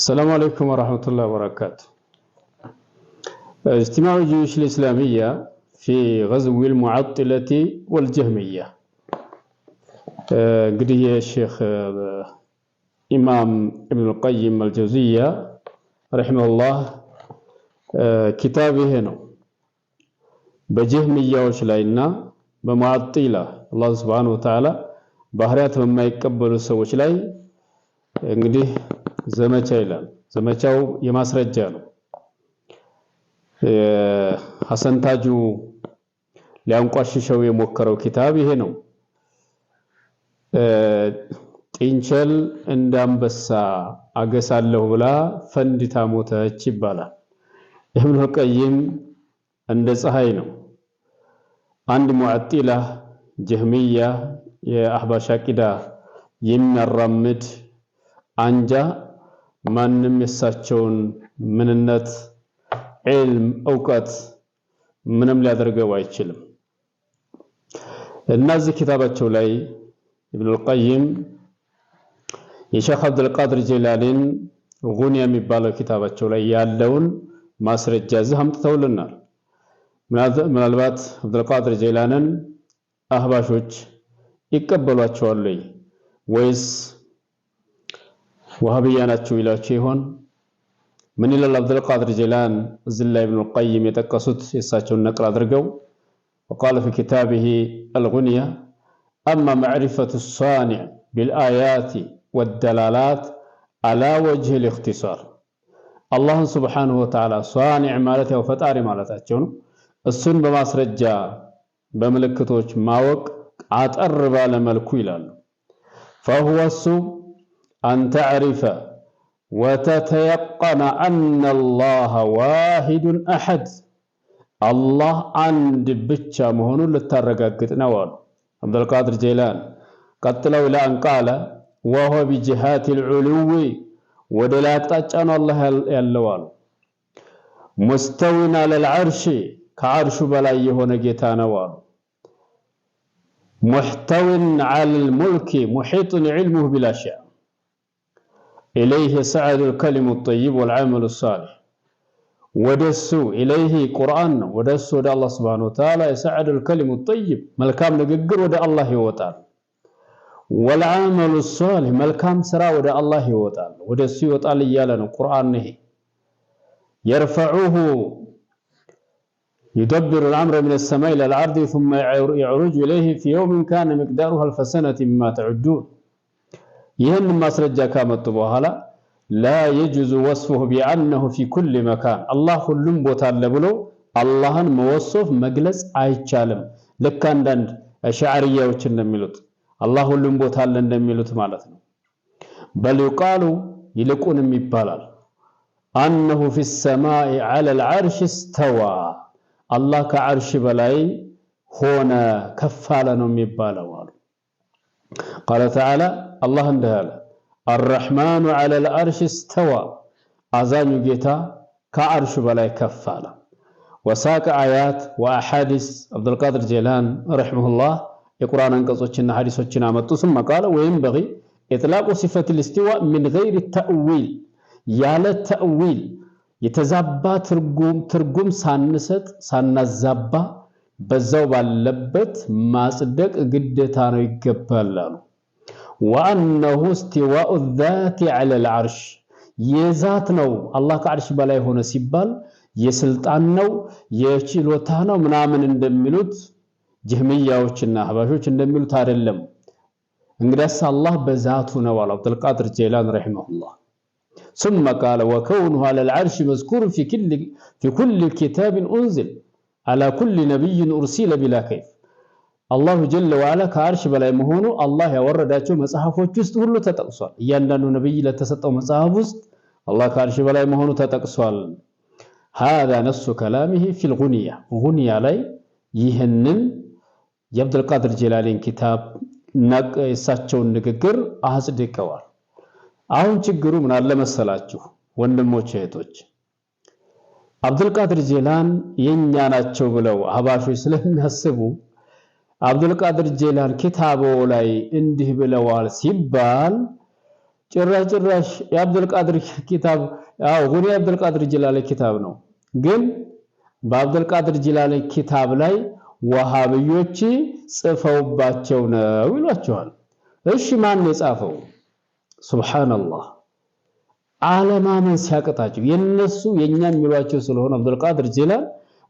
السلام عليكم ورحمة الله وبركاته اجتماع الجيوش الإسلامية في غزو المعطلة والجهمية آه، قد الشيخ آه، إمام ابن القيم الجوزية رحمه الله آه، كتابه هنا بجهمية وشلاينا بمعطلة الله سبحانه وتعالى ባህሪያት مما يكبر ላይ ዘመቻ ይላል። ዘመቻው የማስረጃ ነው። ሐሰን ታጁ ሊያንቋሽሸው የሞከረው ኪታብ ይሄ ነው። ጥንቸል እንዳንበሳ አገሳለሁ ብላ ፈንድታ ሞተች ይባላል። ኢብኑ ቀይም እንደ ፀሐይ ነው። አንድ ሙዓጢላ ጀህሚያ የአህባሽ አቂዳ የሚያራምድ አንጃ ማንም የእሳቸውን ምንነት ዒልም እውቀት ምንም ሊያደርገው አይችልም። እና እዚህ ኪታባቸው ላይ ኢብኑል ቀይም የሼክ አብዱልቃድር ጀላሊን ጉንያ የሚባለው ኪታባቸው ላይ ያለውን ማስረጃ እዚህ አምጥተውልናል። ምናልባት አብዱልቃድር ጀላንን አህባሾች ይቀበሏቸዋል ወይስ وهبي تشويلا تشيهون من إلى عبد القادر جيلان زلا ابن القيم يتكسد يساتشون نقرا درجو وقال في كتابه الغنية أما معرفة الصانع بالآيات والدلالات على وجه الاختصار الله سبحانه وتعالى صانع مالته وفتاري مالتاتشون السن بماسرجا بملكتوش ماوك አጠር ባለ መልኩ فهو السوم أن تعرف وتتيقن أن الله واحد أحد الله عند بيتشا مهنو لتارقا كتنوال عبد القادر جيلان قتلوا إلى أن قال وهو بجهات العلو ودلات أجان الله يلوال مستوين على العرش كعرش بلا يهون جيتانوال محتوين على الملك محيط علمه بلا شيء إليه سعد الكلم الطيب والعمل الصالح ودسو إليه قرآن ودسو ወደሱ الله سبحانه وتعالى يسعد الكلم الطيب ملكام ንግግር ወደ الله وتعالى والعمل الصالح ملكام سرا ወደ الله وتعالى ودسو وتعالى يالن القرآن نهي يرفعوه يدبر الأمر من السماء إلى الأرض ثم يعرج إليه في يوم كان مقدارها الفسنة مما تعدون ይህን ማስረጃ ካመጡ በኋላ ላ የጁዙ ወስፉሁ ቢአነሁ ፊ ኩል መካን አላህ ሁሉም ቦታ አለ ብሎ አላህን መወሶፍ መግለጽ አይቻልም። ልክ አንዳንድ ሻዕርያዎች እንደሚሉት አላህ ሁሉም ቦታ አለ እንደሚሉት ማለት ነው። በል ዩቃሉ ይልቁንም ይባላል አነሁ ፊ ሰማኢ ዐለል ዐርሽ እስተዋ አላህ ከዐርሽ በላይ ሆነ ከፍ አለ ነው የሚባለው አሉ ቃለ ተዓላ አላህ እንዲህ አለ፣ አረሕማኑ ዐለል አርሽ እስተዋ፣ አዛኙ ጌታ ከአርሹ በላይ ከፍ አለ። ወሳቀ አያት ወአሓዲስ አብዱልቃድር ጀላን ረሒመሁላህ የቁርአን አንቀጾችና ሐዲሶችን አመጡ። ስመ ቃለ ወየንበጊ ኢጥላቁ ሲፈት ልስቲዋ ሚን ገይሪ ተእዊል፣ ያለ ተእዊል የተዛባ ትርጉም ሳንሰጥ ሳናዛባ በዛው ባለበት ማጽደቅ ግዴታ ነው ይገባል አሉ። وأنه استواء الذات على العرش يزات نو الله كعرش بلاي هنا سيبال يسلطانو يشيلوتانو منامن اندملوت جهمية وشنا حباشوش اندملوت هارلم انقرس الله بذاتنا والا عبد القادر جيلان رحمه الله ثم قال وكونه على العرش مذكور في كل في كل كتاب انزل على كل نبي ارسل بلا كيف አላሁ ጀለ ወዓላ ከአርሽ በላይ መሆኑ አላህ ያወረዳቸው መጽሐፎች ውስጥ ሁሉ ተጠቅሷል። እያንዳንዱ ነብይ ለተሰጠው መጽሐፍ ውስጥ አላህ ከአርሽ በላይ መሆኑ ተጠቅሷል። ሃዛ ነፍሱ ከላሚሂ ፊል ጉንያ ጉንያ ላይ ይህንን የአብዱልቃድር ጀላሌን ኪታብ የእሳቸውን ንግግር አጽድቀዋል። አሁን ችግሩ ምን አለ መሰላችሁ ወንድሞች እህቶች፣ አብዱልቃድር ጀላን የኛ ናቸው ብለው አህባሾች ስለሚያስቡ አብዱልቃድር ጄላን ኪታቦ ላይ እንዲህ ብለዋል ሲባል ጭራሽ ጭራሽ የአብዱልቃድር ኪታብ አዎ ጉኒ የአብዱልቃድር ጅላሊ ኪታብ ነው። ግን በአብዱልቃድር ጅላለ ኪታብ ላይ ወሃብዮች ጽፈውባቸው ነው ይሏቸዋል። እሺ ማን የጻፈው? ሱብሃንአላህ አለማመን ሲያቅጣቸው የነሱ የኛ የሚሏቸው ስለሆነ አብዱልቃድር ጅላል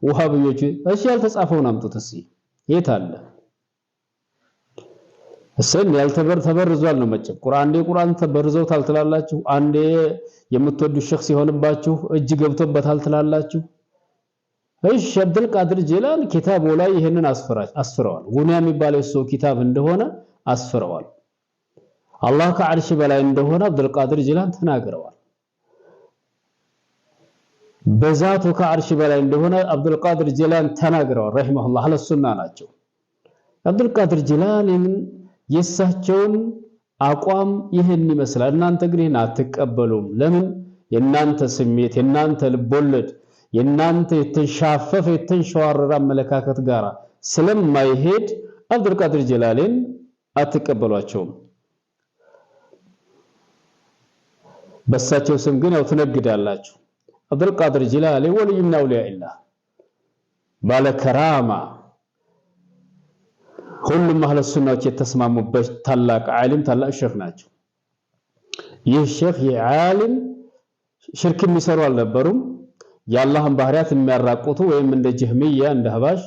ወሃብዮች እሺ ያልተጻፈውን አምጡት እስኪ የት አለ? እስልም ያልተበር ተበርዟል ነው መቼም ቁርአን እንደ ቁርአን ተበርዘውታል ትላላችሁ። አንዴ የምትወዱ ሸክስ ሲሆንባችሁ እጅ ገብቶበታል ትላላችሁ። እሺ አብዱል ቃድር ጀላን ኪታቡ ላይ ይህንን አስፈራች አስፈረዋል። የሚባለው ሰው ኪታብ እንደሆነ አስፍረዋል። አላህ ከአርሽ በላይ እንደሆነ አብዱል ቃድር ጀላን ተናግረዋል። በዛቱ ከአርሽ በላይ እንደሆነ አብዱል ቃድር ጀላን ተናግረዋል። ረሂመሁላህ አለሱና ናቸው። አብዱል ቃድር ጀላን የእሳቸውም አቋም ይህን ይመስላል። እናንተ ግን ይህን አትቀበሉም። ለምን? የእናንተ ስሜት፣ የእናንተ ልቦለድ፣ የእናንተ የተንሻፈፈ የተንሸዋረረ አመለካከት ጋር ስለማይሄድ አብዱልቃድር ጀላሌን አትቀበሏቸውም። በእሳቸው ስም ግን ያው ትነግዳላችሁ። አብዱልቃድር ጀላሌ ወልዩና አውሊያ ኢላህ ባለ ከራማ ሁሉም አህለ ሱናዎች የተስማሙበት ታላቅ ዓሊም ታላቅ ሼክ ናቸው። ይህ ሼክ የዓሊም ሽርክ የሚሰሩ አልነበሩም። የአላህን ባህሪያት የሚያራቁቱ ወይም እንደ ጀህሚያ እንደ ሀባሽ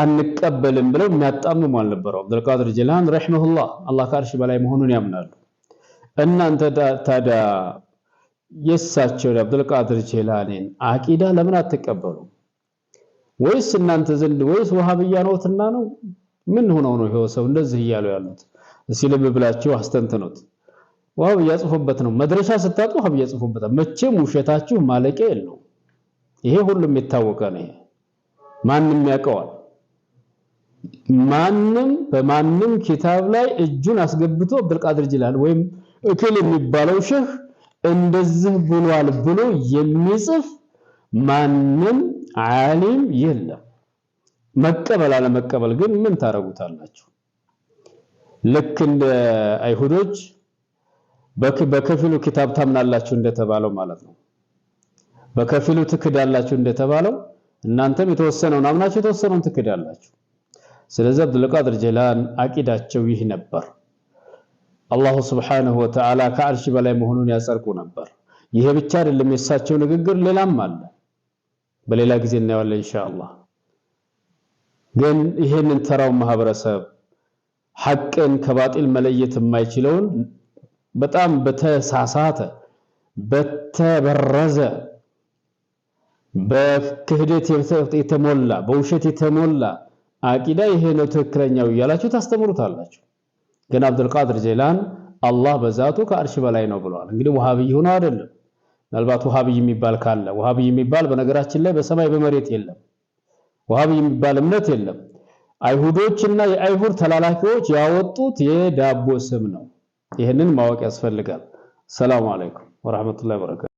አንቀበልም ብለው የሚያጣምሙ አልነበሩ። አብዱልቃድር ጀላን ረሂመሁላህ አላህ ከአርሽ በላይ መሆኑን ያምናሉ። እናንተ ታዲያ የእሳቸውን የአብዱልቃድር ጀላኔን አቂዳ ለምን አትቀበሉም? ወይስ እናንተ ዘንድ ወይስ ወሃብያ ነውትና ነው? ምን ሆነው ነው ይሄው ሰው እንደዚህ እያሉ ያሉት? እስኪ ልብ ብላችሁ አስተንትኑት። ወሃብያ ጽፎበት ነው። መድረሻ ስታጡ ወሃብያ ጽፎበታል። መቼም ውሸታችሁ ማለቂያ የለው። ይሄ ሁሉም የታወቀ ነው። ይሄ ማንም ያውቀዋል። ማንም በማንም ኪታብ ላይ እጁን አስገብቶ አብዱልቃድር ጅላኒ ወይም እክል የሚባለው ሼህ እንደዚህ ብሏል ብሎ የሚጽፍ ማንም ዓሊም የለም። መቀበል አለመቀበል ግን ምን ታደርጉታላችሁ? ልክ እንደ አይሁዶች በከፊሉ ኪታብ ታምናላችሁ እንደተባለው ማለት ነው። በከፊሉ ትክዳላችሁ እንደተባለው እናንተም የተወሰነውን አምናችሁ የተወሰነውን ትክዳላችሁ። ስለዚህ ቃድር ጀላን አቂዳቸው ይህ ነበር። አላሁ ስብሓነሁ ወተዓላ ከአርሽ በላይ መሆኑን ያጸርቁ ነበር። ይሄ ብቻ አይደለም፣ የእሳቸው ንግግር ሌላም አለ። በሌላ ጊዜ እናየዋለን ኢንሻአላህ። ግን ይሄንን ተራው ማህበረሰብ ሐቅን ከባጢል መለየት የማይችለውን በጣም በተሳሳተ በተበረዘ በክህደት የተሞላ በውሸት የተሞላ አቂዳ ይሄ ነው ትክክለኛው እያላችሁ ታስተምሩታላችሁ። ግን ቃድር ጀላን አላህ በዛቱ ከአርሽ በላይ ነው ብለዋል። እንግዲህ ወሃቢ ሆነው አይደለም ምናልባት ውሃብይ የሚባል ካለ ውሃብይ የሚባል በነገራችን ላይ በሰማይ በመሬት የለም። ውሃብይ የሚባል እምነት የለም። አይሁዶችና የአይሁድ ተላላኪዎች ያወጡት የዳቦ ስም ነው። ይህንን ማወቅ ያስፈልጋል። ሰላም አለይኩም ወራህመቱላሂ ወበረካቱ።